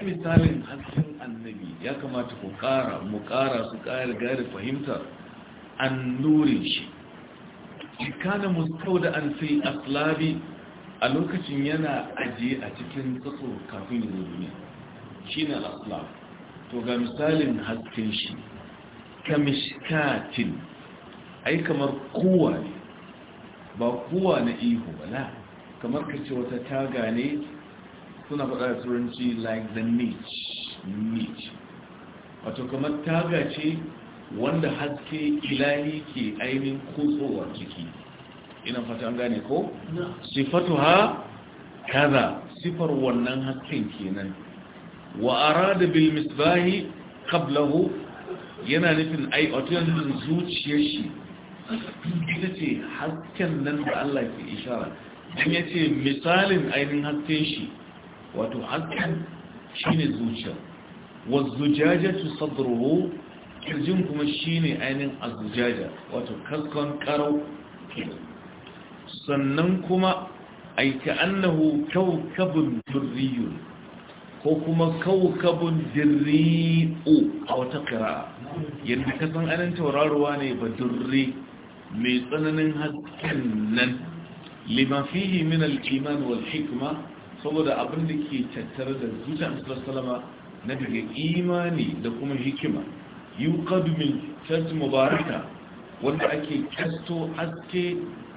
misalin hasken annabi ya kamata ku ƙara mu ƙara su ƙayar gari fahimtar an nurin shi kana muskau da an sai aslabi a lokacin yana ajiye a cikin tsatso kafin yi shi na aslab to ga misalin hasken shi kamishkatin ai kamar kowa ne ba kowa na ihu ba na kamar ka ce wata taga ne suna faɗa da turanci like the niche niche wato kamar taga ce wanda haske ilahi ke ainihin kutsowa ciki ina fata an gane ko? sifatu ha kaza sifar wannan hasken kenan wa arada bil misbahi qablahu yana nufin ai wato yana zuciyar shi ita ce hasken nan da Allah ke ishara dan yace misalin ainihin hasken shi wato hankan shine zuciya wazujaja su sadruhu kirjin kuma shine ainihin azujaja wato kaskon karau sannan kuma ay ka'annahu kawkabun durriyun ko kuma kawkabun dirri'u a wata qira'a yanda ka san anan tauraruwa ne ba durri mai tsananin hasken nan lima fihi min al-iman wal hikma saboda abin da ke tattare da zuciya musulun salama na daga imani da kuma hikima yi kadumin canci mubaraka wanda ake kasto aske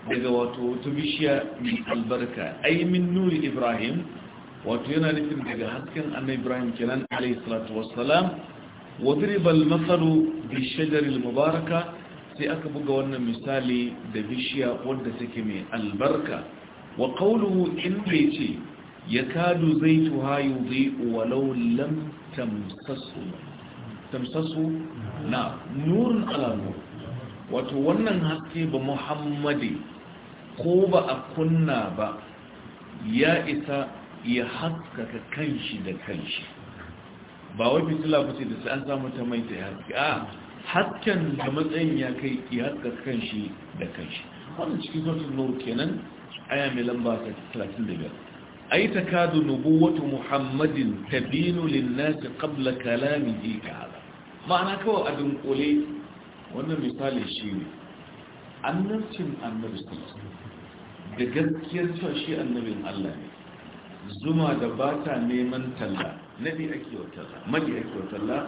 daga wato wata bishiya mai albarka aimin nuri ibrahim wato yana nufin daga hasken annabi ibrahim kenan alayhi salatu wassalam wadriba al mubaraka sai aka buga wannan misali da bishiya wanda take mai albarka wa qawluhu in bai ce ya kadu zai tuha yi zai walau lam tamsasu tamsasu na nurin alamu wato wannan haske ba muhammadi ko ba a kunna ba ya isa ya haskaka kanshi da kanshi ba wai wafi tilafuce da sai an samu ta mai ta haske. a hakken da matsayin ya kai ya haskaka kanshi da kanshi wannan cikin sosu nur kenan aya mai lamba 35 ai takadu nubuwatu muhammadin tabinu linnasi qabla kalamihi ta'ala ma'ana kawai a dunkule wannan misali shi ne annabcin annabi da gaskiyar cewa shi annabin Allah ne zuma da ba ta neman talla nabi ake wa maji ake wa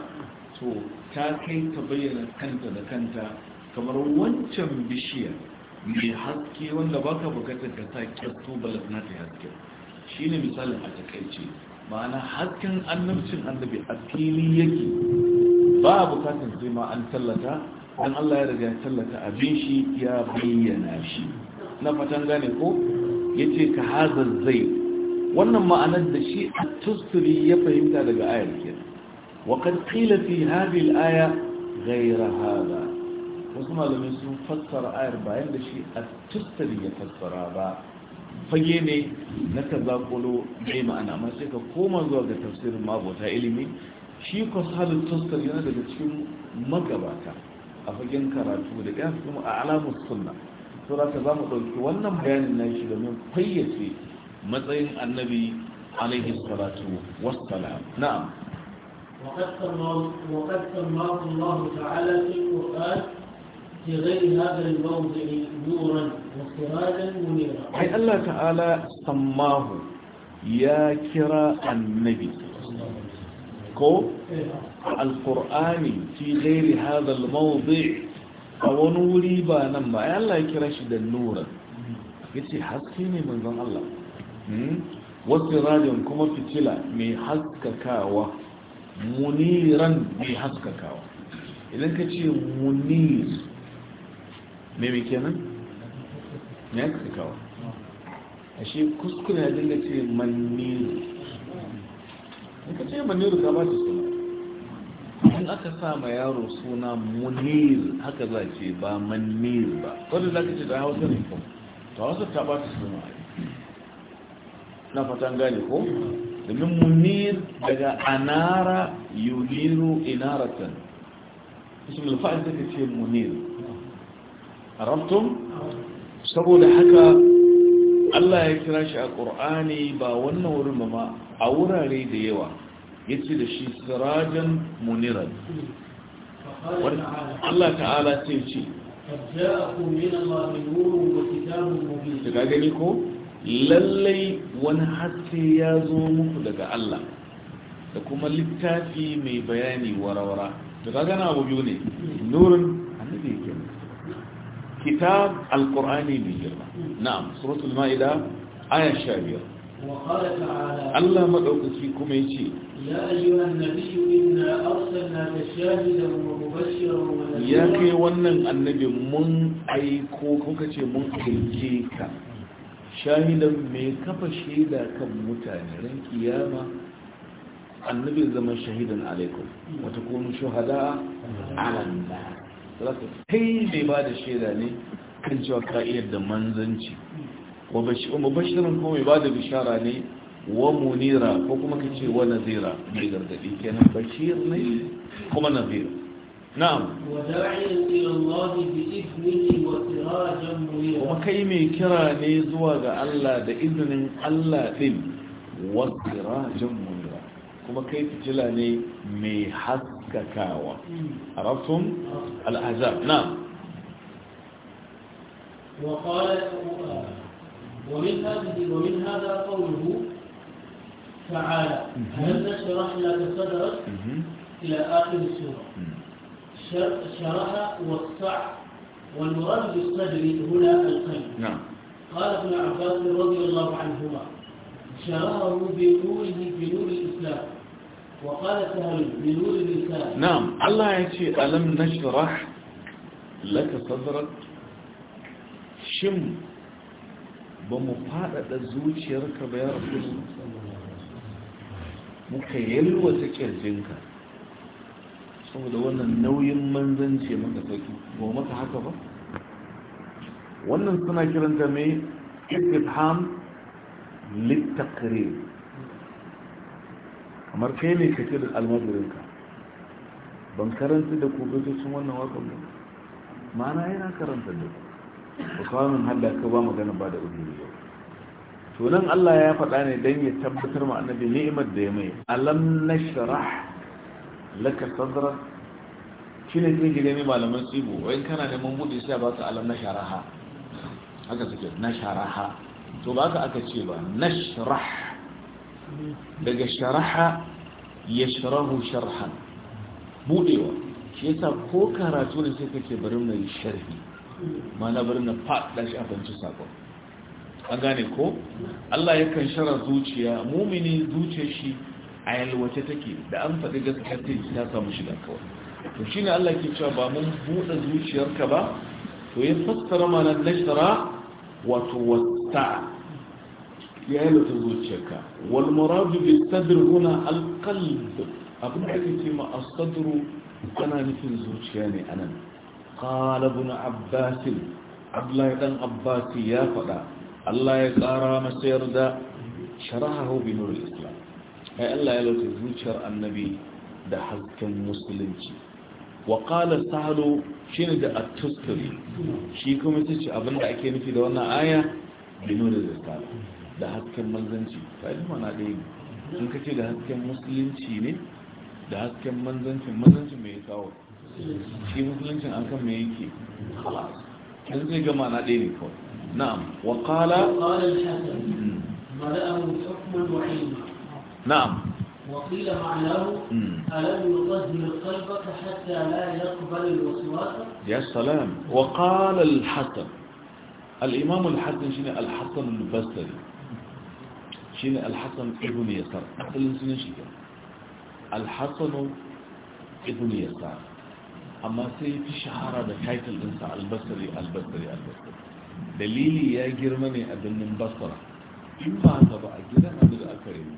to ta kai ta bayyana kanta da kanta kamar wancan bishiya mai haske wanda baka bukatar ka sa kyastu balas na ta haske shi ne misalin a takaice ma'ana hakkin annabcin annabi a fili yake ba a bukatar sai ma an tallata don allah ya riga ya tallata abin shi ya bayyana shi na fatan gane ko ya ce ka hazar zai wannan ma'anar da shi a tusturi ya fahimta daga ayar kenan gaira قيل Wasu malamai sun fassara ayar bayan da shi a tusturi ya fassara ba. fage ne na ka zaƙulo mai ma'ana amma sai ka koma zuwa ga tafsirin mabota ilimi shi kwasalin tostar yana daga cikin magabata a fagen karatu da ɗaya kuma a alamun sunna sura ka za mu ɗauki wannan bayanin na shi domin fayyace matsayin annabi alaihi salatu wassalam na'am وقد سماه الله تعالى في القرآن في غير هذا الموضع نورا وسراجا منيرا أي الله تعالى سماه يا كرا النبي كو القرآن في غير هذا الموضع أو نوري بانما أي الله كرا شد النورا yace haske ne manzon Allah wasu rajin kuma fitila mai haskakawa muniran mai haskakawa idan ka ce munir mai kenan mexico a shi kuskure ya dinga ce maniru in ka ce maniru ka ba su suna in aka sa ma yaro suna munir haka za ce ba maniru ba wadda za ka ce ta hausa ne ko ta hausa ta ba su suna na fatan gane ko domin munir daga anara yuliru inaratan ismul fa'il take ce munir haramtum saboda haka Allah ya kira shi a ƙur'ani ba wannan wurin ba a wurare da yawa ya ce da shi sirajan muniran Allah ta'ala ce ce daga gani ko lallai wani haske ya zo muku daga Allah da kuma littafi mai bayani warawara daga gana abu ne nurin kitab alqur'ani mai girma na'am suratul maida aya 15 Allah madaukaki kuma yace ya ayyuhan nabiyyu inna arsalnaka shahidan wa mubashiran wa nadhira ya kai wannan annabi mun aiko kuka ce mun aike ka shahidan mai kafa shaida kan mutane ran kiyama annabi zama shahidan alaikum wa shuhada ala za ka kai mai ba da shaida ne kan cewa ka iya da manzanci wa bashirin ko mai ba da bishara ne wa munira ko kuma ka ce wa nazira mai gargadi kenan bashir ne kuma nazira na'am kuma kai mai kira ne zuwa ga Allah da izinin Allah din wa sirajan munira kuma kai fitila ne mai haske ككاوى عرفتم الأحزاب نعم وقال ومن هذه ومن هذا قوله تعالى هل نشرح لك صدرك إلى آخر السورة شرح والصع والمراد بالصدر هنا القلب نعم قال ابن عباس رضي الله عنهما شرحه بنوره بنور الإسلام na'am Allah ya ce alam nashrah laka sadrak shin faɗaɗa zuciyarka ba ya rabu muka yalwata kirjinka saboda wannan nauyin manzance maka saki ba maka haka ba wannan suna kiranta mai istifham littakrir kamar kai ne ce da almajirinka ban karanta da ku sun wannan wakan ba ma'ana yana karanta da ku ba kawamin hada ka ba magana ba da ujiri ba to nan Allah ya faɗa ne don ya tabbatar ma annabi ni'imar da ya mai alam nashrah laka sadra shi ne zai gida ne malaman tsibu wai kana neman buɗe sai ba ka alam na sharaha haka suke na sharaha to ba ka aka ce ba na sharaha daga sharaha ya sharahu sharhan budewa shi yasa ko karatu ne sai kake bari na sharhi mana bari na faɗa shi abinci sako an gane ko Allah yakan shara zuciya mumini zuciyar shi a yalwace take da an faɗi gaskiya ta samu shiga kawai to shine Allah ke cewa ba mun buɗe zuciyarka ba to ya fassara mana nashara wato wasta ya yi lata zuciyarka wal muradu bi sadr huna al qalb abin da ake ma as-sadru kana nufin zuciya ne anan qala ibn abbas abdullahi dan abbas ya faɗa Allah ya tsara masa yarda sharahahu bi nur islam ai Allah ya zuciyar annabi da hasken musulunci wa qala sahlu shine da at shi kuma yace abin ake nufi da wannan aya bi nur islam da hakken manzanci kalma na dai sun kace da hakken musulunci ne da hasken manzanci manzancin mai kawo shi musuluncin an kan mai yake kin zai ga mana dai ne kawai na'am wa qala qala na'am وقيل معناه ألم يطهر قلبك حتى لا يقبل الوسواس يا سلام وقال الحسن الإمام الحسن شنو الحسن البصري Shin al ibn yasar asalin sunan shi al-hasan ibn yasar amma sai fi shahara da title ɗinsa al-basri al-basri dalili ya girma ne a birnin basra in ba haka ba a gidan abu da aka rini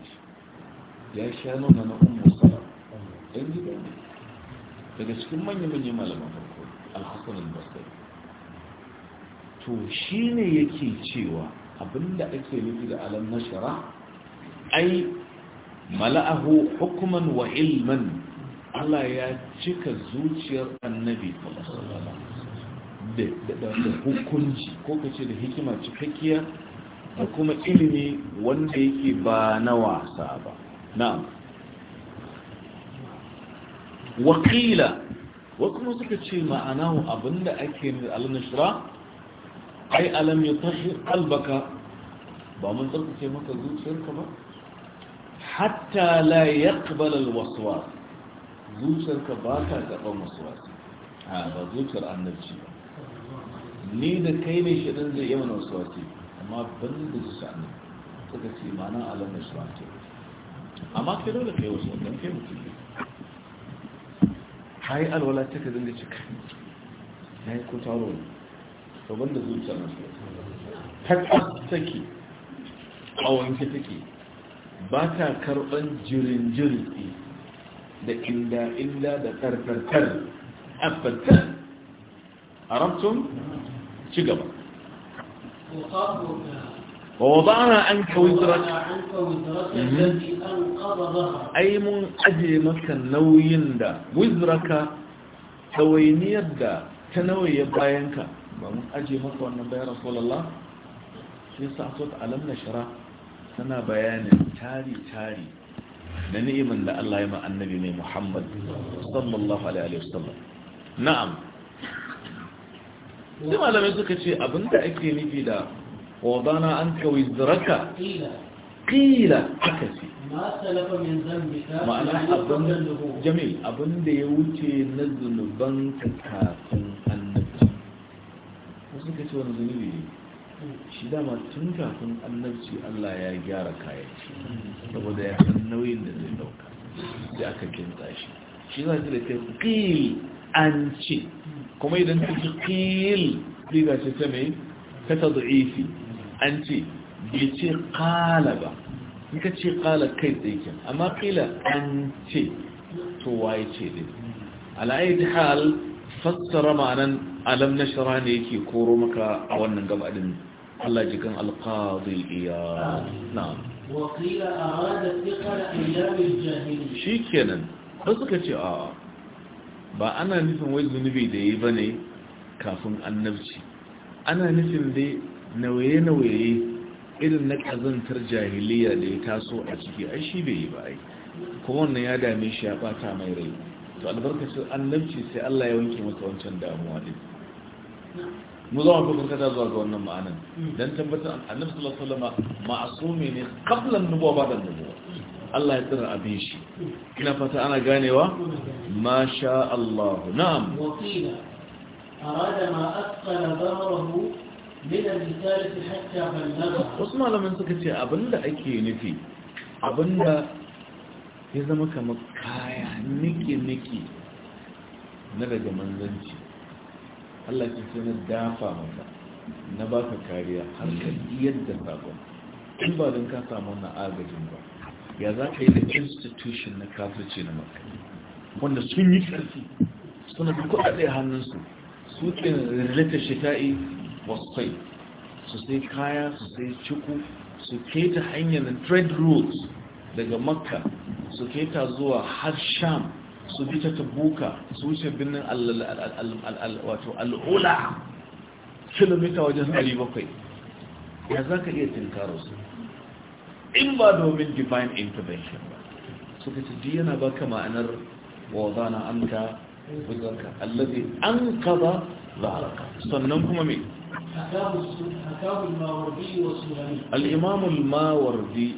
ya sha nuna na umar daga cikin manya-manyan malaman farko al-hasan al to shine yake cewa abinda ake nufi da alam shara, ai mala'ahu hukuman wa ilman Allah ya cika zuciyar annabi da hukunci ko kace da hikima cikakkiya da kuma ilimi wanda yake ba na wasa ba na'am wakila wa kuma suka ce ma'anahu abinda ake nufi na shara. ai alam ya tashi albaka ba mun tsarkace maka zuciyarka ba hatta la yaqbal alwaswas zuciyarka ba ta gaban waswas a ba zuciyar annabci ba ni da kai ne shi zai yi mana ce amma ban da su sa'ani suka ce ma'ana alam da ce amma kai dole kai wasuwa don kai mutum ne ta alwala ta ka zanga cika ya yi ko taro ne to zuciya masu take a wanke take ba ta karɓar jirin jirin da inda inda da karkarkar abbatar a ramtun ci gaba ووضعنا عنك وزرك أي من أجل مكة نوين دا da ta دا bayan ka. ba mun aje maka wannan bayan rasulallah shi sa sot alam na shara suna bayanin tari-tari da ni'imin da Allah ya ma annabi mai Muhammad sallallahu alaihi wa sallam. na'am sai malamai suka ce abinda ake nufi da wadana an kawai ziraka kila haka ce ma'ana abin jamil abinda ya wuce na zunuban kafin suka ce wani zunubi ne shi dama tun kafin annabci Allah ya gyara kayan shi saboda ya san nauyin da zai dauka sai aka kinta shi shi za ta da kai an ce kuma idan ta ce qil riga ce ta mai ta ifi an ce bai ce kala ba in ka ce kala kai tsaye amma kila an ce to waye ce din ala hal fassara ma'anan alam na shara ne yake koro maka a wannan gaba Allah jikan alqadi iya na'am wa qila jahil kenan, ba suka ce a ba ana nufin wai zunubi da yayi bane kafin annabci ana nufin dai nauye-nauye irin na ƙazantar jahiliya da ya taso a ciki ai shi bai yi ba ai kuma wannan ya dame shi ya bata mai rai to albarkacin annabci sai Allah ya wanke masa wancan damuwa din mu zama ko kankata zuwa ga wannan ma'anan mm. dan tabbatar annabi sallallahu alaihi wasallam ma'sumi ne qablan nubuwa ba dan nubuwa Allah ya tsara abin shi mm. ina fata ana ganewa mm. ma sha Allah na'am arada ma min al-risalati hatta balagha wasu malaman suka ce abinda ake nufi abinda ya zama kamar kaya niki-niki na daga manzanci Allah ce sai na dafa masa, na baka kariya har ka yadda sabon in ba don ka samu na agajin ba ya za ka yi da institution na kafirci na maka wanda sun yi karfi suna duk kuɗaɗe hannunsu su ke rilata shita'i wasai su sai kaya su sai ciku su ta hanyar trade rules. daga makka su keta zuwa har sham su bi ta tabuka su wuce birnin al'ula kilomita wajen 700 ya za ka iya tinkaro su in ba domin divine intervention ba ka ce yana baka ma'anar wa zana an ka wuzarka allazi an ka ba zaraka sannan kuma mai الإمام الماوردي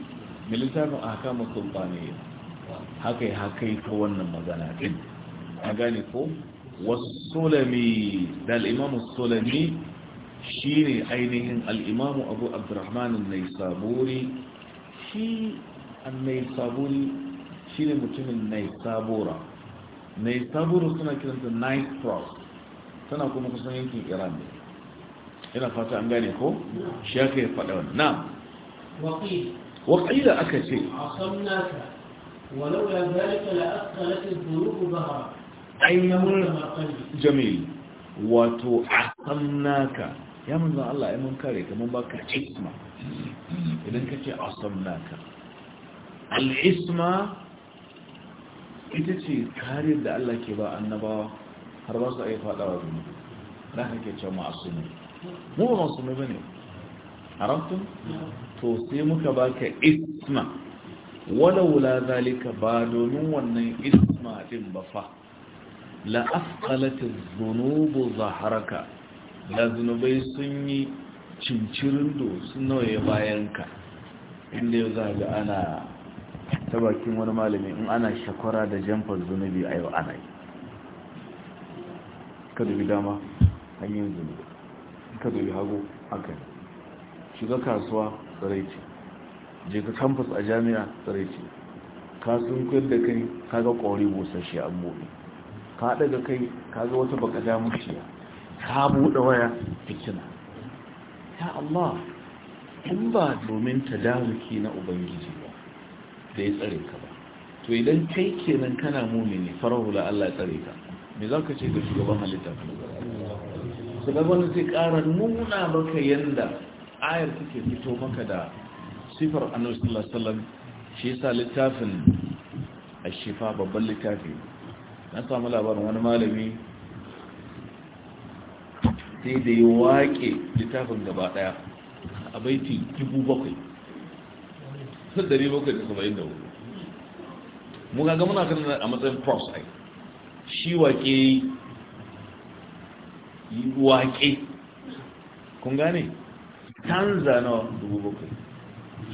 mai littafin a haka masultaniya haka yi haka yi ta wannan magana ɗin a gane ko Solami da al'imamu Solami shi ne ainihin al'imamu abu abdurrahman naisaburi shi naisaburi shi ne mutumin naisabura naisabura suna kiranta night cross Suna kuma kusan yankin iran ne ina fata an gane ko shi ya kai faɗa wannan na وقيل أكثر عصمناك ولولا ذلك لأثقلت الذنوب ظهرك أيهم جميل وتعصمناك يا من الله يا من كاريك من باك عصمة إذن كتي عصمناك العصمة ita ce kariyar da Allah ke ba annabawa har ba su a yi faɗawa zunubi na kake ce ma'asumi mu ba masu ne ba ne haramtun to sai muka baka isma walaula zalika ba domin wannan isma din ba fa la afqalatil dhunubu zaharaka da zunubai sun yi cincirin do sun nawaye bayanka inda yau za ga ana ta bakin wani malami in ana shakwara da jamfar zunubi a yau ana yi ka dama hanyar zunubi ka dubi hagu aka shiga kasuwa Jeka je ka campus a jami'a ce. ka sun kuyar da kai kaga ƙwari busasshe an buɗe ka daga kai ka ga wata baka damushiya ka buɗe waya fitina ya Allah in ba domin ta tadaruki na ubangiji ba da ya tsare ka ba to idan kai kenan kana mumini farahula Allah ya tsare ka me za ka ce ga shugaban halitta ka su ba? wani ƙara nuna baka yanda ayar take fito maka da sifar annabi sallallahu alaihi wasallam shi yasa littafin ashifa babban littafi na samu labarin wani malami sai da ya waƙe littafin gaba ɗaya a baiti dubu bakwai sun bakwai da saba'in da hudu mu ga muna kan a matsayin cross eye shi waƙe waƙe kun gane canza na dubu bakwai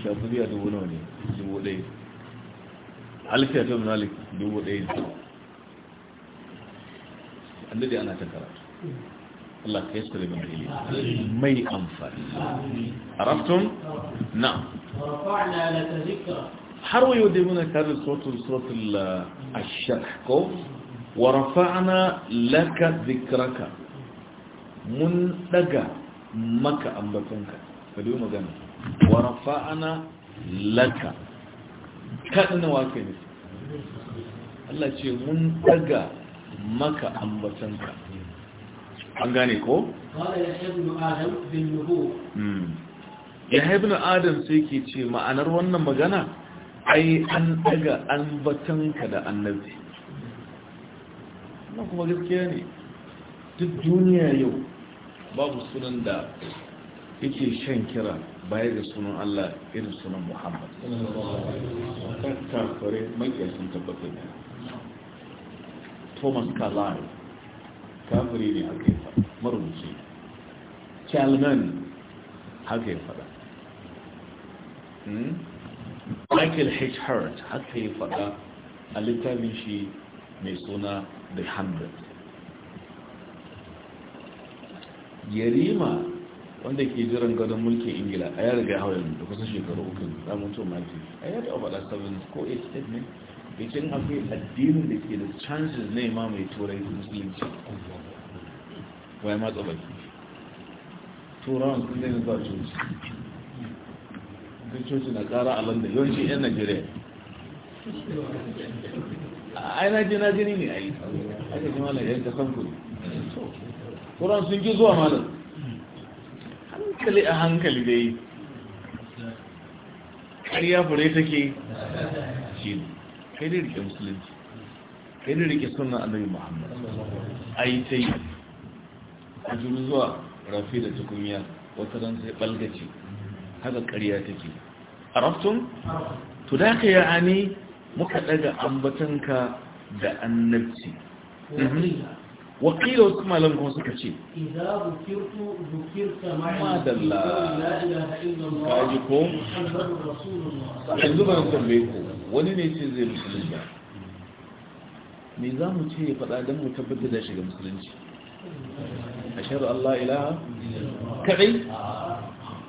shafi dubu nawa ne dubu ɗaya halitta ta malik dubu ɗaya ne an daɗe ana ta karatu Allah ka yi sare mai ilimi mai amfani a raftun na har wayo dai muna kare sautin sautin ashirko ورفعنا laka zikiraka mun daga maka ambatonka ka biyu magana wa rafa'ana laka kaɗina wa kai nufi Allah ce mun daga maka ambatonka an gane ko? ya haibin hmm. adam sai ke ce ma'anar wannan magana ai an daga ambatonka da annabi na kuma gaskiya ne duk duniya yau babu sunan da yake shan kira baya da sunan Allah irin sunan Muhammad kan kafare makiyar sun tabbatar da Thomas Kalari kafiri ne haka yi faɗa marubuci Kalman haka yi faɗa hmm? Michael H. Hart haka yi faɗa a littafin shi mai suna The Hundred yarima wanda ke jiran gadon mulkin ingila a ya riga hawa da kusa shekaru uku mu to mati a ya taɓa faɗa sabon ko a statement bikin akwai addinin da ke da chances na ima mai turai da musulunci ya ma baki turawan sun zai zuwa coci da coci na ƙara a london yawanci 'yan najeriya a ainihin na jini ne a yi aka kuma na yanka san kudu sauran sun ki zuwa malam hankali a hankali dai ƙarya fure take shi ne kai dai rike musulunci kai dai rike sunan annabi muhammad yi ta yi a juru zuwa rafi da tukunya wata ran sai ɓalgace haka ƙarya take a raftun? to da ka yi ani muka ɗaga ambatanka da annabci mhm. wakila wasu malam kuma suka ce madalla kaji ko yanzu ba tambaye ko wani ne ce zai musulunci me za mu ce ya faɗa mu da shiga musulunci a shaidu Allah ilaha kaɗai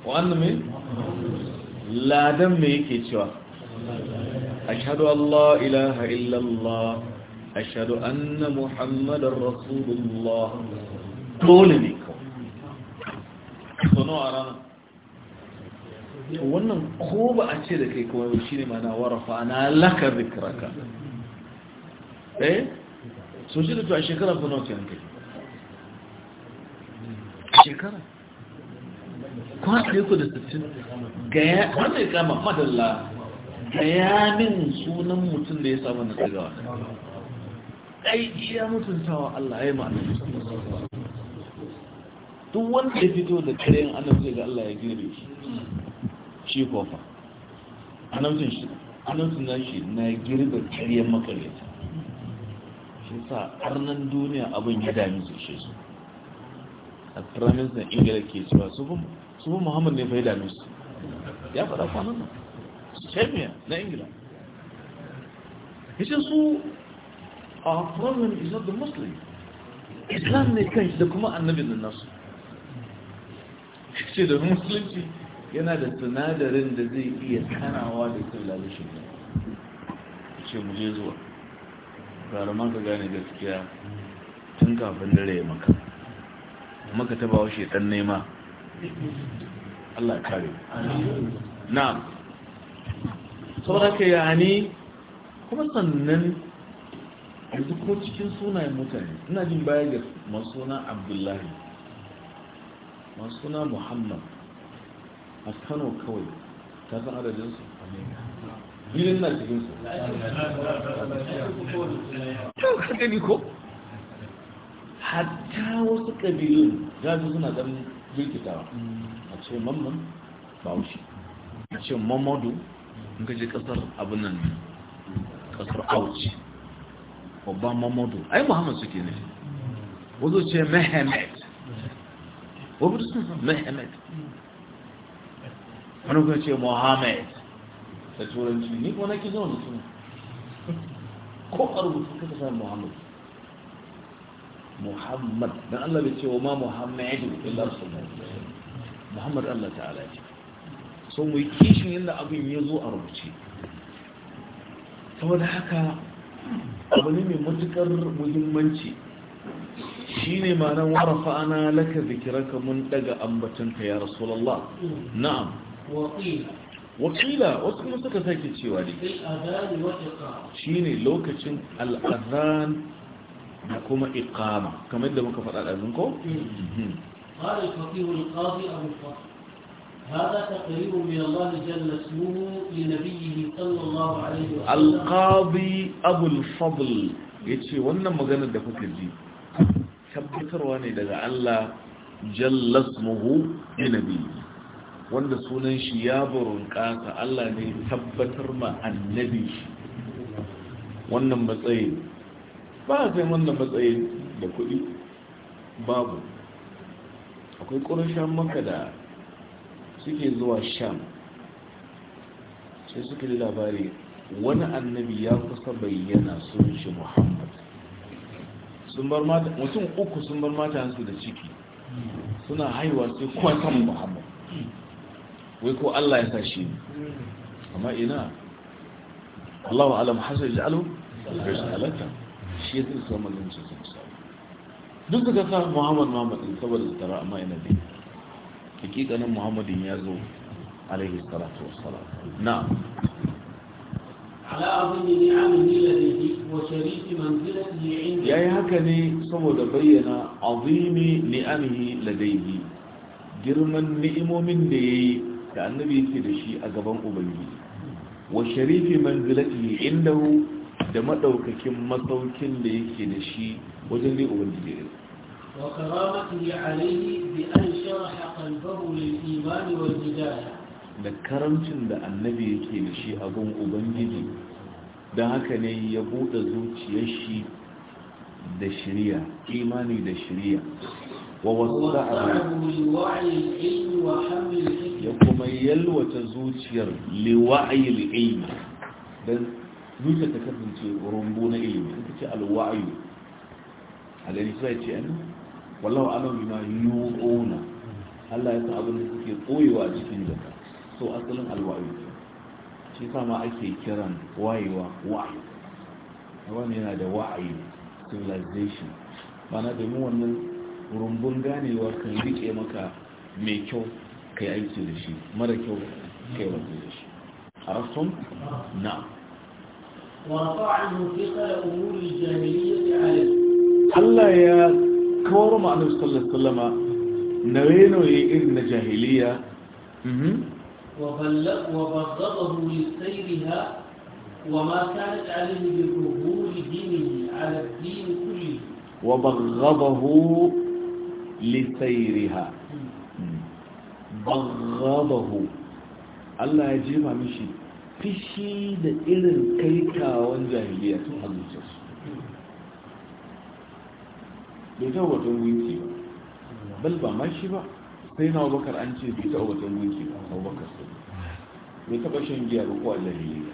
wa'annan mai ladan me yake cewa a shaidu Allah ilaha illallah ashhadu anna muhammadar rasulullah dole ne kawai sono a ranar wannan ko ba a ce da kai kawai shi ne mana warafa ana lakar rikiraka eh so shi da to a shekara ko nauti yanke shekara kwaɗe ku da sassin gaya wanda ya kama madalla gaya min sunan mutum da ya samu na tsigawa ya iya mutuntawa Allah ya ma'ana duk wanda ya fito da yin annabci da Allah ya gire shi shi kofa annabcin na shi na girbe karyar makaryata shi sa arnan duniya abin ya dami su shi su a turamin na ingila ke cewa su fi muhammad ne fai dami su ya faɗa kwanan nan shemiya na ingila ya su our problem is not the Muslim Islam ne kan da kuma annabi nan nasu ce da musulunci yana da sinadarin da zai iya kanawa da kan lalishin ne ce mu je zuwa gara ma ka gane gaskiya tun kafin dare ya maka maka ta bawa shaitan nema Allah kare na saboda ka yani kuma sannan yanzu ko cikin sunayen mutane ina jin baya ga masu suna abdullahi masu suna muhammad a kano kawai ta san adadinsu bilin na cikinsu ta kaga ni ko hatta wasu ƙabilun gaji suna ɗan jirkitawa a ce mamman baushi a ce mamadu in ka je ƙasar abinan ƙasar auci babban mamoto ai muhammad suke ne wazo ce mehemet ti sun mehemet wani kuma ce mohamed da turanci ni kuma nake zuwa mutum ko a rubutu kaka sa Mohammed, Mohammed, na allah bai ma muhammadu illa rasulullah muhammad allah ta'ala ce so mu yi kishin abu abin ya zo a rubuce saboda haka abu ne mai matukar muhimmanci shi ne ma'anar warafa ana laka zikirarka mun daga ambatanka ya rasulallah na'am wakila wasu kuma suka sake cewa ne shi ne lokacin al'adhan da kuma ikama kamar da muka faɗa ɗazin ƙari wani ƙafi هذا تقرير من الله جل اسمه لنبيه صلى الله عليه وسلم القاضي أبو الفضل يتشي وانا مغانا دفت الجي tabbatarwa ne daga Allah jallasmuhu nabi wanda sunan shi ya burin kasa Allah ne tabbatar ma annabi wannan matsayi ba sai wannan matsayi da kuɗi babu akwai ƙurashen maka da suke zuwa sham sai suka labari wani annabi ya kusa bayyana sun shi muhammad mutum uku sun bar matansu da ciki suna haihuwa sai kwanton muhammad wai ko allah ya sa shi amma ina allahu alam hasar da halatta shi ya zai samun lancin sun duk da ka sa muhammad muhammad saboda tara amma ina dai hakikanin muhammadin ya zo alaihi salatu wassalam Na. ala abin da ya amini lalaki wa sharifi manzilati ya inda haka ne saboda bayyana azimi ni'amihi ladaihi girman ni'imomin da ya yi da annabi yake da shi a gaban ubangiji wa sharifi manzilati indahu da madaukakin masaukin da yake da shi wajen dai ubangiji da karancin da annabi yake da shi a ubangiji don haka ne ya buɗe zuciyar shi da shirya imani da shirya wa wasu ya kuma yalwata zuciyar liwa'ayil ilmi don zuciya ta kasance rumbu na ilimi ita ce alwa'ayu a gani sai ce an wallahu alam bima yu'una Allah ya san abin da suke koyewa a cikin jaka so asalin alwa'i shi sa ma ake kiran wayewa wa'i wani yana da wa'ayi civilization mana domin wannan rumbun ganewa kan rike maka mai kyau ka yi aiki da shi mara kyau ka yi wasu da shi a rasun na ya Allah ya kawar ma annabi sallallahu Na wasallama nauye irin na jahiliya وبغضه لسيرها وما كانت عليه بظهور دينه على الدين كله fishi da irin kaikawan jahiliya tun a bai taɓa batun gunki ba bal ba ma shi ba sai na abubakar an ce bai taɓa batun gunki ba abubakar sai bai taɓa shan giya ba ko allah ne ya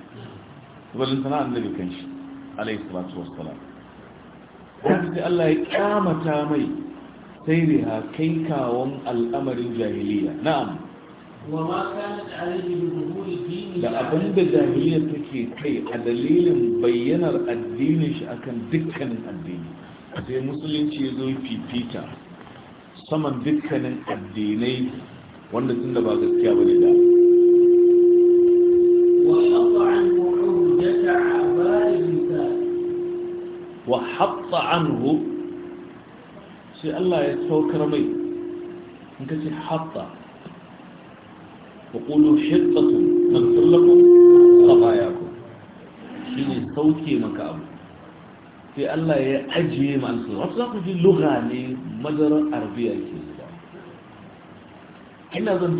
balin sana annabi kan shi alayhi salatu wassalam haka sai allah ya kyamata mai sai riha kai kawon al'amarin jahiliya na'am da abin da jahiliya take kai a dalilin bayyanar addinin shi akan dukkanin addini sai musulunci ya zo fifita saman dukkanin addinai wanda tun da ba gaskiya ba ne da wa haɓɓa anhu sai Allah ya saukar mai in ka ce haɓɓa wa ƙulu hiɓɓatun na tsallakon ƙaɓaya ku shi ne sauke maka abu في الله يا اجي من في اطلق في اللغه لي يعني مدر عربيه في اللغه انا ظن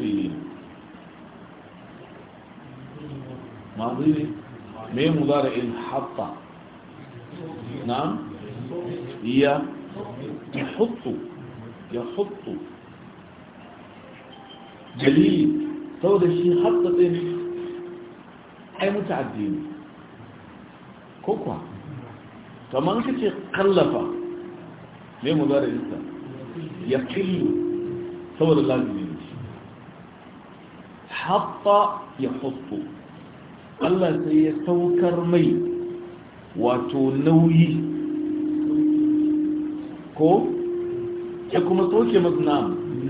في ماضي مي مضارع حق نعم هي يحط يحط جليل تو ده شيء حطت ايه متعدين ko kuwa kamar ka ce kallafa ne mu zara ta ya killu saboda lazimi ne ya hosto Allah sai ya saukar mai wato nauyi ko ya kuma soke masu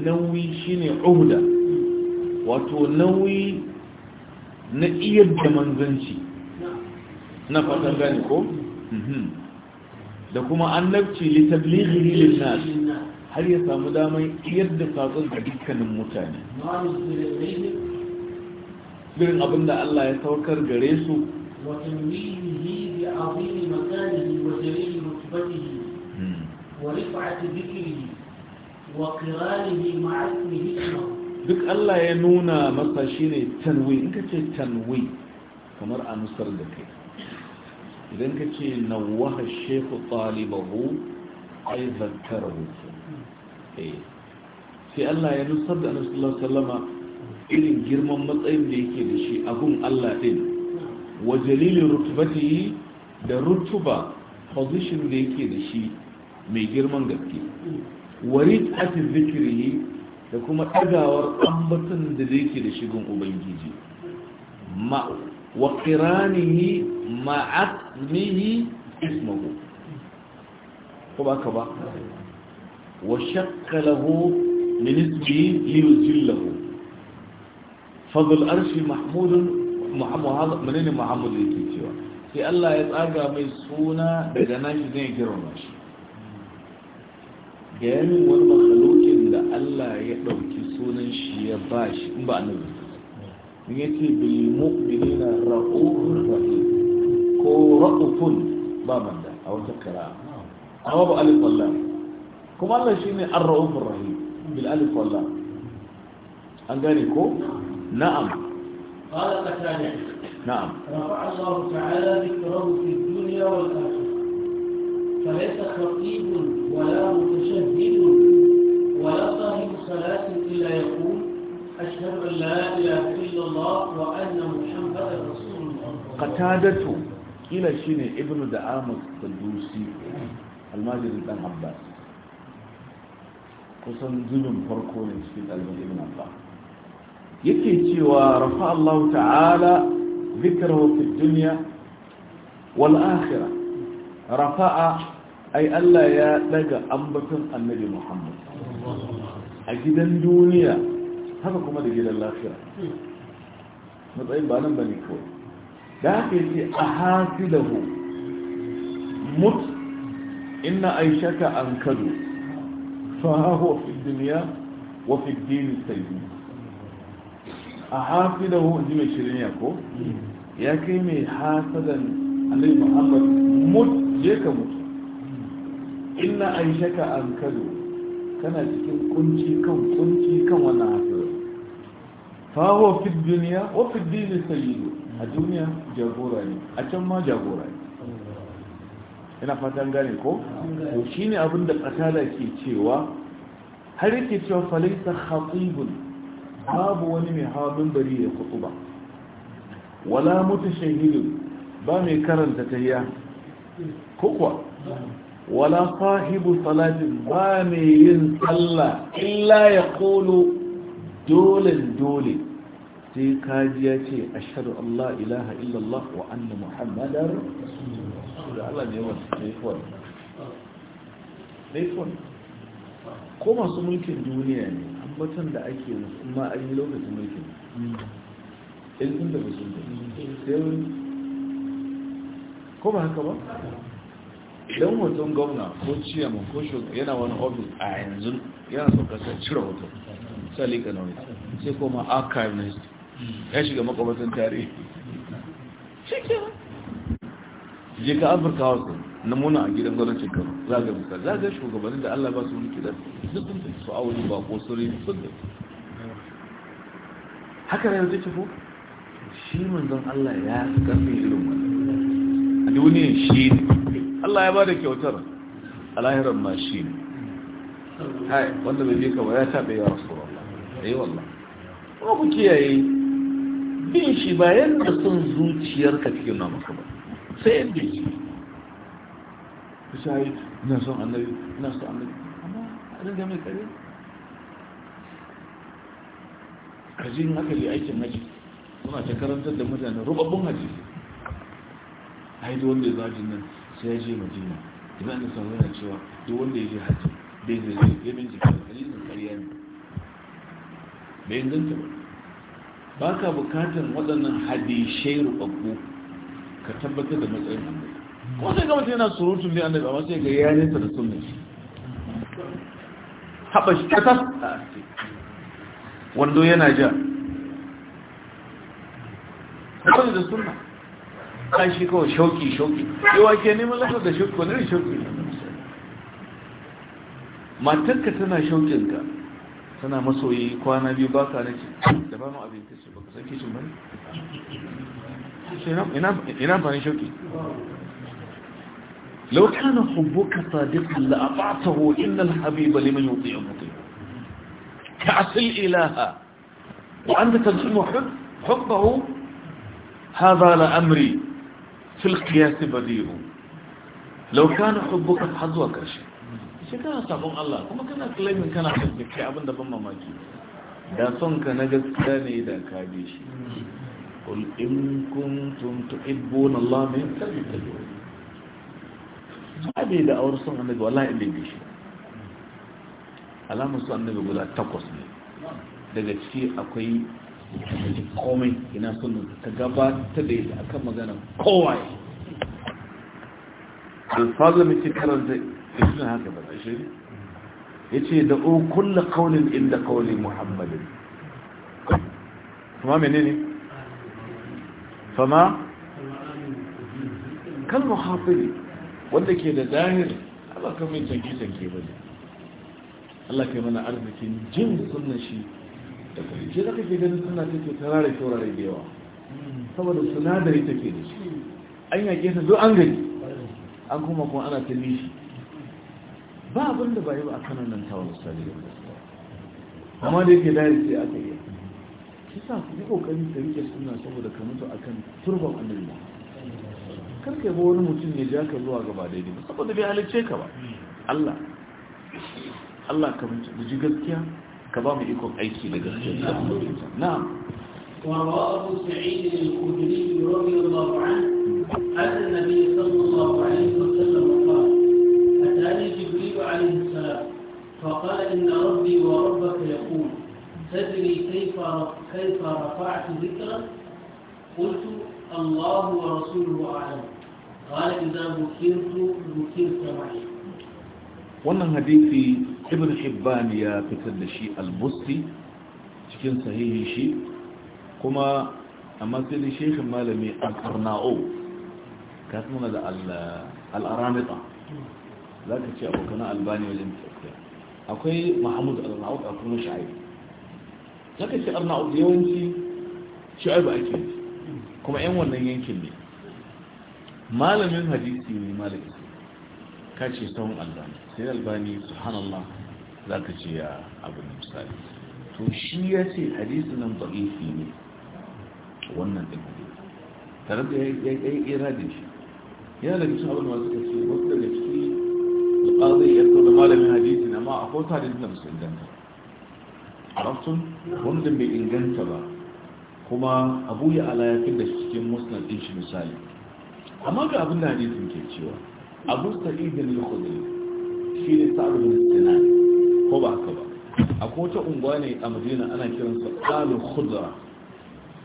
nauyi shine ne wato nauyi na iya da manzanci na fatan gani ko mhm. da kuma annabci li tablighi har ya samu damar iyar da sakon ga dukkanin mutane Birin abin da Allah ya saukar gare su mhm. duk Allah ya nuna masa shine tanwi in ka ce tanwi kamar nusar da kai idan ka ce na waha sheku ɗalibahu ai wuce eh. sai allah ya nusar da anasullar sallama irin girman matsayin da yake da shi abun allah ɗin wa jalilin rutubati da rutuba position da yake da shi mai girman gaske warit ati zikiri da kuma ɗagawar ɗan batun da yake da shigun ubangiji ma'a wa qiranihi ma'asmihi ismuhu ko ba ka ba wa shakka lahu min ismihi li yujillahu fadl arshi mahmud muhammad menene muhammad yake sai Allah ya tsaga mai suna daga nashi zai girma shi ga yamin wani makhlukin da Allah ya ɗauki sunan shi ya bashi in ba annabi يتي بالمؤمنين رؤوف رحيم كرؤوف باب الله أو تكرا أو أبو ألف الله كما الله شيني الرؤوف الرحيم بالألف والله أنجاني كو نعم قال الثاني نعم رفع الله تعالى ذكره في الدنيا والآخرة فليس خطيب ولا متشهد ولا صاحب صلاة إلا يقول أشهد أن لا إله إلا الله الله وأن shine ibnu الله قتادة إلى شين ابن دعام القدوسي kusan zumin farko ne cikin ɗalibin ibn abba yake cewa rafa Allah ta'ala zikrahu fi dunya wal akhirah rafa'a ai Allah ya daga ambaton annabi Muhammad a gidan duniya haka kuma da gidan lafiya matsayin ba nan ba ne kawai da haka yake a hafi da hasilahu mut inna aishaka an kado fahahu fi duniya wa fi dini sayi a hafi hasilahu ji mai shirin ya ko ya kai mai hasadan alai muhammad mut je ka mutu inna aishaka an kado kana cikin kunci kan kunci kan wannan fawo fi duniya wa fi dini sayyidu a duniya jagora ne a can ma jagora ne ina fatan gane ko to shine abin da qatada ke cewa har yake cewa falaysa khatibun babu wani mai hawan bari ya kutuba wala mutashahhidun ba mai karanta tayya ko kuwa wala sahibu salatin ba mai yin sallah illa yaqulu dole dole sai kaji ya ce ashhadu Allah ilaha illallah wa annu muhammadar da ne ko masu mulkin duniya ne ambatan da ake ma a yi lokacin mulkin ilmin da ba sun sai ko ba haka ba idan hoton gwamna ko ciyaman ko shugaba yana wani ofis a yanzu yana saukasa cire hoton na economic sai kuma archivist ya shiga makamatan tarihi je ka afirka wasu namuna a gidan gwamnati kano za musa zagar za shugabannin da allah ba su mulki da duk sun su auri ba ko su rini sun tafi haka yanzu ce cikin shi manzon allah ya karfin irin wani a duniyan shi ne allah ya ba da kyautar a lahirar ma shi ne hai wanda bai je ka ya taɓa yawa su ba eh wallah kuma ku kiyaye bin shi ba yadda son ka cikin na maka ba sai yadda shi kusa yi ina son annabi ina son annabi amma a dinga mai kare kaji in aka yi aikin haji suna ta karantar da mutane rubabbun haji ai duk wanda ya zaji nan sai ya je madina idan da sauran cewa duk wanda ya je haji bai zai zai ya jikin dalilin ƙarya ne bai inganta ba ba ka bukatar waɗannan hadishai rubabbu ka tabbatar da matsayin annabi ko sai ga mutum yana surutun bi annabi amma sai ga ya nesa da sunna shi haɓa shi katas wando yana ja kawai da sunna Ka shi kawai shauki shauki yawa ke neman lafa da shauki wani shauki matarka tana shaukinka tana masoyi kwana biyu ba ka nake da ba mu abin kace ba ka san kicin ba ne ina ba ne shauki لو كان حبك صادقا لأطعته إن الحبيب لمن يطيع مطيع تعصي الإله وأنت تزعم حب حبه هذا لأمري في القياس بديع لو كان حبك حظوك شيء shi kana sabon Allah kuma kana claiming kana da kai abin da ban mamaki da son ka na gaskiya ne da ka bi shi kul in kuntum tuhibbuna Allah min tabi'u sabe da aure son annabi wallahi inda bi shi alamun son annabi guda takwas ne daga ciki akwai komai ina son ta gabatar da a akan magana kowa alfazar mace karanta ishirin haka ba ishirin ya ce da o kulla kaunin inda kaunin muhammadin kuma mene ne fama kan muhafiri wanda ke da zahiri Allah kan mai canke-canke ba ne Allah kai mana arzikin jin sunan shi da kuma, ce da kake ganin suna take tarare taurare da yawa saboda sinadari take da shi an yake ta zo an gani an kuma kuma ana ta nishi ba abin da ba ba a kanan nan tawon misali da gaskiya amma da yake dare sai aka yi shi sa ku yi kokarin ka rike suna saboda ka mutu akan turban annabi kar ka yabo wani mutum ne ja ka zuwa gaba daidai ba saboda bai halicce ka ba Allah Allah ka ji gaskiya ka ba mu ikon aiki da gaskiya na'am ورواه سعيد الخدري رضي الله عنه أن النبي annabi sallallahu alaihi wasallam فقال إن ربي وربك يقول تدري كيف كيف رفعت ذكرا قلت الله ورسوله أعلم قال إذا بكرت بكرت معي wannan hadisi ibn hibban ya fitar da shi al-busti cikin sahihin shi kuma a matsayin shekin malami al-karna'o ka suna da al-aramita za ka ce abokanan albani wajen tafiya akwai mahamud arnaud a kuma sha'ib zaka ce arnaud yawanci sha'ib ake kuma yan wannan yankin ne malamin hadisi ne malami ka ce sahun albani sai albani subhanallah za ka ce ya abu na misali to shi ya ce hadisi nan ba'ifi ne wannan ɗin tare da ya yi ƙera da shi yana da cikin abin da wasu ka ce wasu daga ciki da ƙazai ya da malamin hadisi amma akwai wasu hadisin da musu inganta arabtun wanda bai inganta ba kuma abu ya ala ya fi da cikin musulun din shi misali amma ga abin da hadisin ke cewa abu sa'id bin al kudin shi ne sa abin sinan ko ba haka ba akwai wata unguwa ne a madina ana kiransa alu khudra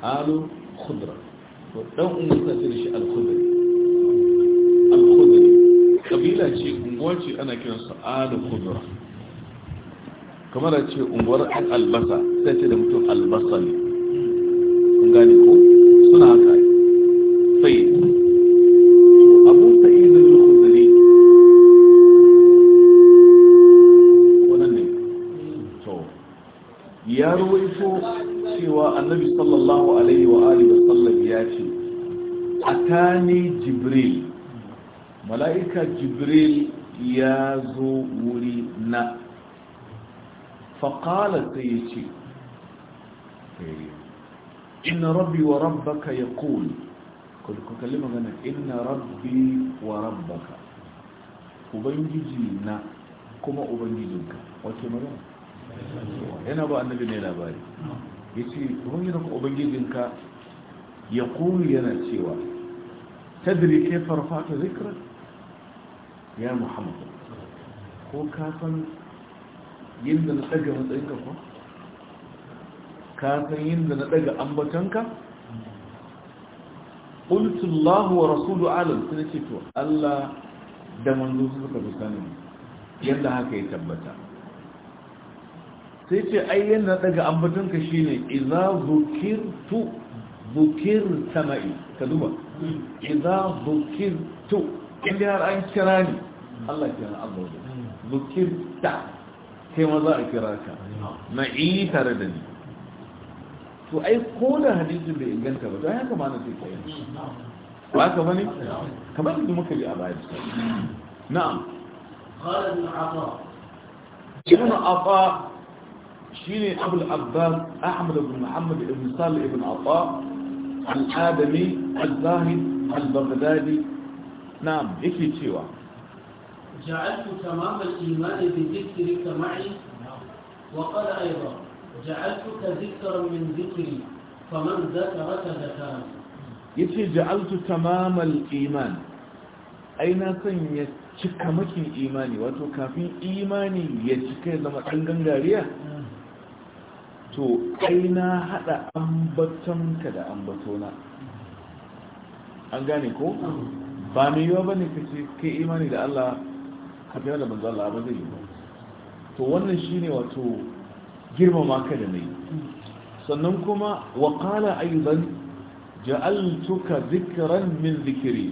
alu khudra to dan unguwa ta shi al-khudri al kabila ce unguwa ce ana kiransa alu khudra kamar da ce unguwar ɗan albasa sai ce da mutum albasa ne kun gane ko suna haka sai to abu sa'id al-khudri wannan ne to ya ruwaito cewa annabi sallallahu alaihi wa alihi wa sallam ya ce atani jibril mala'ika jibril ya zo wuri na faƙala sai ya ce inna rabbi wa rabbaka ya ƙul kalli magana inna rabbi wa rabbaka ubangiji na kuma ubangijinka wace magana yana ba annabi ne labari ya ce ubangijinka ubangijinka ya ƙulu cewa tadri ke farfata ya ko kafin yadda na ɗaga matsayinka ko ka san yadda na ɗaga ambatanka qultu Allah wa rasulu alam sai ce to Allah da manzo suka bisani yadda haka ya tabbata sai ce ai yadda na ɗaga ambatanka shine Iza zukirtu zukirta ma'i ka duba Iza zukirtu inda har an kira ni Allah ya kira Allah zukirta kai a kira ka ma'i tare da ni to ai ko da hadisin bai inganta ba to ya kama na ka yi ba ka bane kamar da muka bi a baya na'am ibn ibn afa shine abul abbas ahmad ibn muhammad ibn salih ibn afa al-adami al-zahid al-baghdadi na'am yake cewa جعلت تمام الإيمان بذكرك معي وقال أيضا جعلتك ذكرا من ذكري فمن ذكرك ذكرني yace ja'altu tamamal iman ai na cika makin imani wato kafin imani ya cika ya zama ɗan gangariya to ai na haɗa ambatonka da ambatona an gane ko ba mai yiwa ba ne ka kai imani da Allah tafiya da manzo Allah ba zai yi to wannan shine wato girmama ka da nayi sannan kuma wa qala aidan ja'altuka dhikran min dhikri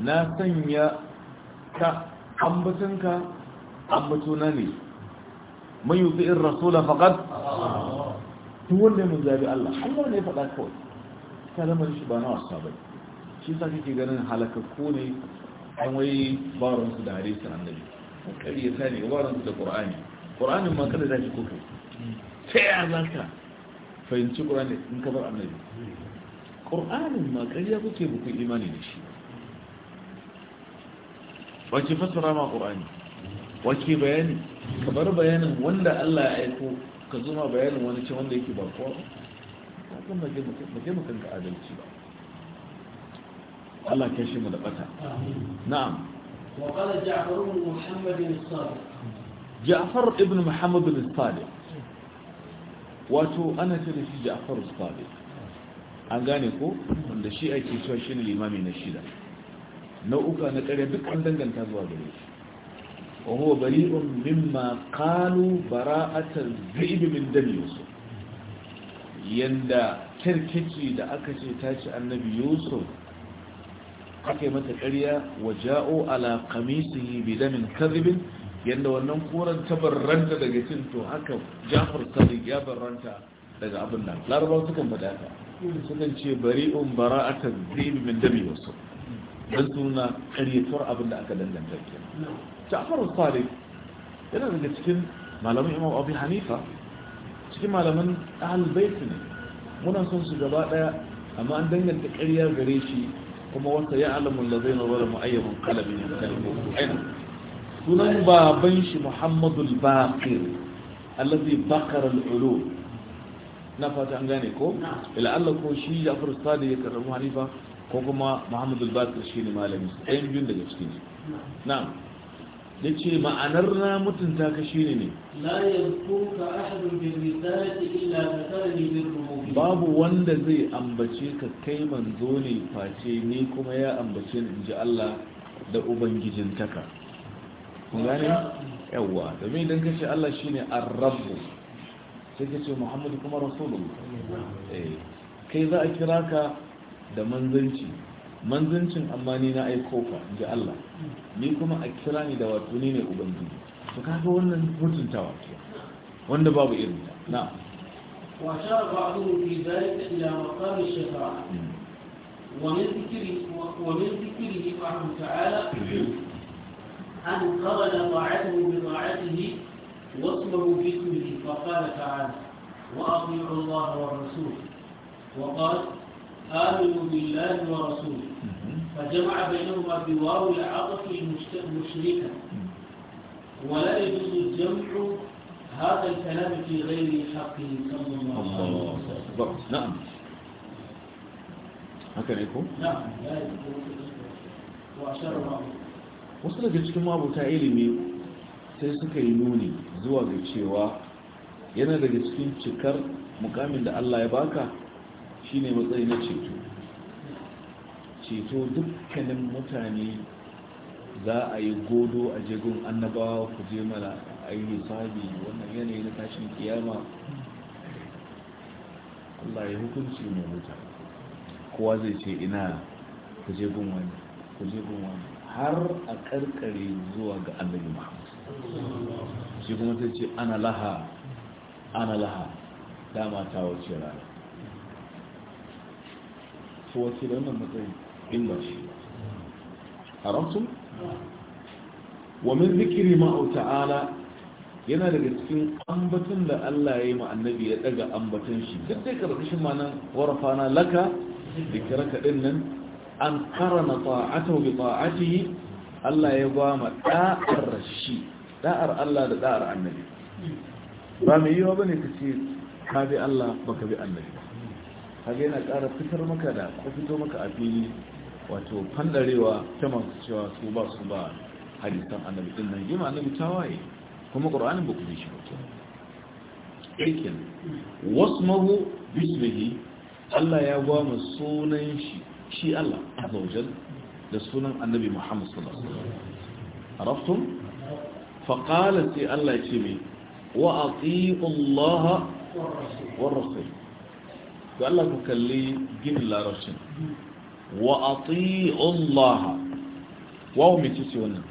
na sanya ka ambatanka ambatuna ne man yuti'ir rasula faqad Tun wanda mun zabi Allah Allah ne faɗa kawai kalamar shi ba na wasa ba shi sa kake ganin halakakku ne an wai baronsu da hadisin annabi kokari ya sani baronsu da qur'ani qur'anin ma kada zaki kokari Ta ya zaka fahimci qur'ani in ka bar annabi qur'anin ma kariya kuke buku imani da shi wace fasara ma qur'ani wace bayani ka bar bayanin wanda Allah ya aiko ka zuma bayanin wani ce wanda yake ba kowa ba kan ba je makanka adalci ba Allah kai shi mu da bata na'am wa qala ja'far ibn muhammad as-sadiq ja'far ibn muhammad as-sadiq wato ana ce da shi ja'far sadiq an gane ko wanda shi ake cewa shine limami na shida nau'uka na ƙarya duk an danganta zuwa gare shi wa huwa bari'un mimma qalu bara'atal zaib min dami yusuf yanda kirkici da aka ce ta ci annabi yusuf ake mata ƙarya wa ja'o ala kamisihi bi damin kadhibin yadda wannan koran ranta daga cin to haka Jafar Sadiq ya bar ranta daga abin nan larabawa sukan faɗa ka sukan ce bari'un bara'atan zaybi min dami wasu dan suna ƙaryatuwar abin da aka danganta ke Ja'far Sadiq yana daga cikin malamin Imam Abu Hanifa cikin malamin Ahlul Bait ne muna son su gaba daya amma an danganta ƙarya gare shi kuma wata ya alamun da zai nazara mu'ayyamin kalabin ya kalmo sunan baban shi muhammadu baqir allazi bakar al'ulu na fata an gane ko la'alla ko shi jafar sadi ya karramu hanifa ko kuma muhammadul baqir shi ne malami ɗayan biyun daga cikin na'am ya ce ma'anar na mutunta ka shi ne babu wanda zai ambace ka kai manzo ne face ni kuma ya ambace ni ji Allah da ubangijin taka kun gane yawa domin idan ka ce Allah shi ne arrabu. sai ka ce Muhammadu kuma rasulun? Eh, kai za a kira ka da manzanci manzancin amma ni na aiko ka ji Allah ni kuma a kira ni da wato ni ne ubangiji to kaga wannan mutuntawa ce wanda babu irin ta na wa shara ba'du fi zalika ila maqam shafa'a hmm. wa min dhikri wa min dhikrihi ta'ala an qarana ta'atuhu bi ta'atihi واسمه باسمه فقال تعالى وأطيعوا الله ورسوله وقال آمنوا بالله ورسوله فجمع بينهما بواو العطف مشركا ولا يجوز الجمع هذا الكلام في غير حقه صلى الله عليه وسلم نعم haka ko? na'am yi wa sharra wasu daga cikin mabuta ilimi sai suka yi nuni zuwa ga cewa yana daga cikin cikar mukamin da Allah ya baka shine matsayi na ceto ceto dukkanin mutane za a yi godo a jegun annabawa ku je mana a yi hisabi wannan yanayi na tashin kiyama Allah ya hukunci mai mutane kowa zai ce ina ku je gun wani ku je gun wani har a karkare zuwa ga annabi Muhammad shi kuma zai ce ana laha ana laha dama ta wace rana to wace da wannan matsayi إلا شيء عرفتم؟ ومن ذكر معه تعالى yana daga cikin ambatun da Allah ya yi ma annabi ya daga ambatun shi duk dai karkashin ma nan warafana laka dikiraka din nan an karana ta'atahu bi ta'atihi Allah ya ba ma da'ar shi da'ar Allah da da'ar annabi ba mai yiwa bane ka ce ka bi Allah baka bi annabi kaga yana ƙara fitar maka da kafito fito maka a fili wato fandarewa ta masu cewa su ba su ba hadisan annabi din nan jima annabi tawaye kuma qur'anin ba ku ji shi ba ke aikin wasmahu bismihi Allah ya ba mu sunan shi shi Allah azza wajal da sunan annabi Muhammad sallallahu alaihi wasallam araftum faqala sai Allah ya ce mai wa atiqu Allah wa rasul Allah ku kalli gin larabcin wa ati'u Allah wawo mai ce wannan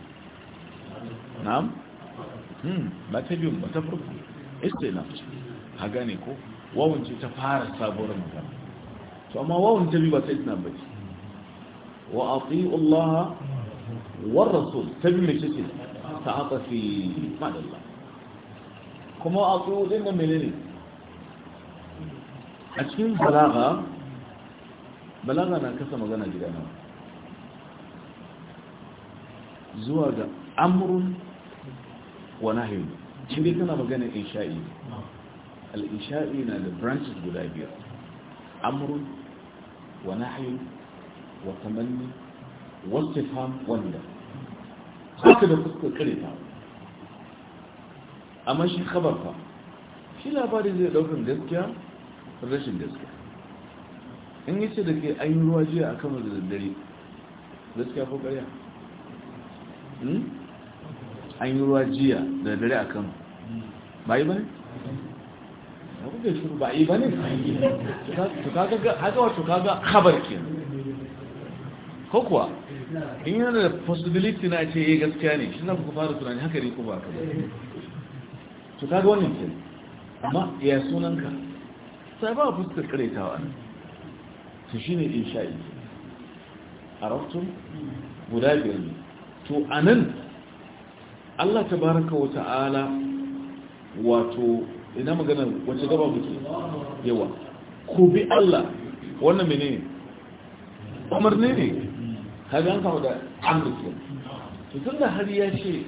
na'am hmm ba ta biyu ba ta farko istilam ha gane ko wawon ce ta fara sabuwar magana to amma wawon ta biyu ba ta istilam ba wa ati'u Allah war rasul ta biyu mai ce ta haka fi madalla kuma ati'u din nan menene a cikin balaga balaga na kasa magana gida nawa zuwa ga amrun wa nahyu shi dai kana magana insha'i al-insha'i na da branches guda biyar amrun wa nahyu wa tamanni wa istifham wanda haka da fuskar kare ta amma shi khabar fa shi labarin zai daukar gaskiya rashin gaskiya in yi ce da ke an yi ruwa jiya a kan da daddare gaskiya ko karya hmm? an yi ruwa jiya da daddare a kan ba yi ba ne? ya kuka shuru ba yi ba ne? haka wato kaga habar ke ko kuwa in yana da possibility na ce yi eh, gaskiya ne shi na kuka fara tunani haka ne kuma ka ba to kaga wannan ke amma ya sunanka sai ba fuskar karetawa ne su shine insha'i arabtum guda biyar ne to a nan, Allah ta baraka wa ta'ala wato ina magana wace gaba muke yawa ku bi Allah wannan ne? umarni ne kaga an kawo da amurka to tun da har ya ce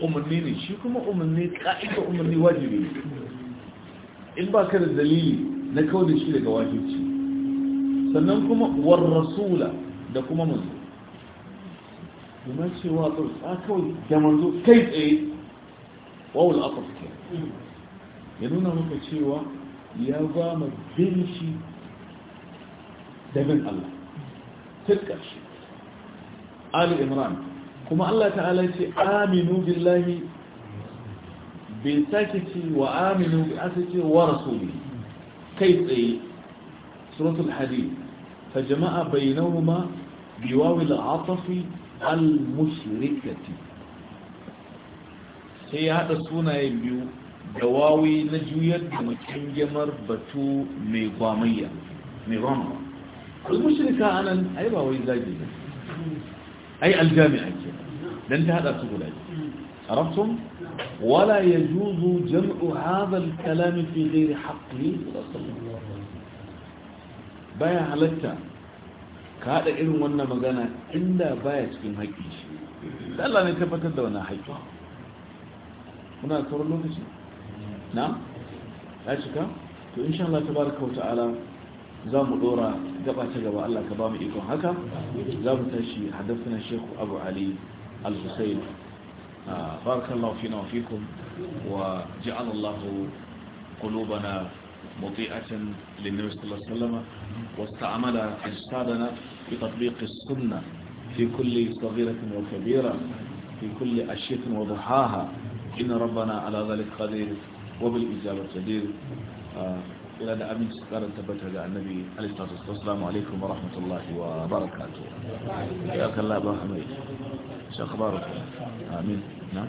umarni ne shi kuma umarni ka'ida umarni wajibi in ba ka da dalili na kawo da shi daga wajibci sannan kuma war rasula da kuma manzo domin cewa tsarsa kawai da manzo kai tsaye wawul akwai ya nuna maka cewa ya ba mu bin shi da bin Allah tukka shi Ali Imran kuma Allah ta'ala ce aminu billahi bai sake ce wa aminu bi asa ce wa rasuli kai tsaye suratul hadid فجمع بينهما بواو العطف المشركة هي هذا السنة يبيو دواوي نجوية مكين جمر بتو ميغامية ميغامة المشركة أنا أي باوي زاجي أي الجامعة لأن هذا السنة عرفتم ولا يجوز جمع هذا الكلام في غير حقه baya halatta ka haɗa irin wannan magana inda baya cikin haƙƙi shi da Allah ne tabbatar da wannan haƙƙi muna sauran lokaci na ya cika to insha Allah tabaraka wa ala za mu ɗora gaba ta gaba Allah ka ba mu ikon haka za mu tashi hadathana Sheikh Abu Ali Al-Husayn ah, barakallahu fina wa fikum wa ja'ala Allah qulubana مطيئة للنبي صلى الله عليه وسلم واستعمل أجسادنا في تطبيق السنة في كل صغيرة وكبيرة في كل أشياء وضحاها إن ربنا على ذلك قدير وبالإجابة قدير آه، إلى أن أمين سكارا تبتها على النبي عليه الصلاة والسلام عليكم ورحمة الله وبركاته حياك الله أبو حميد شو أخبارك؟ آمين نعم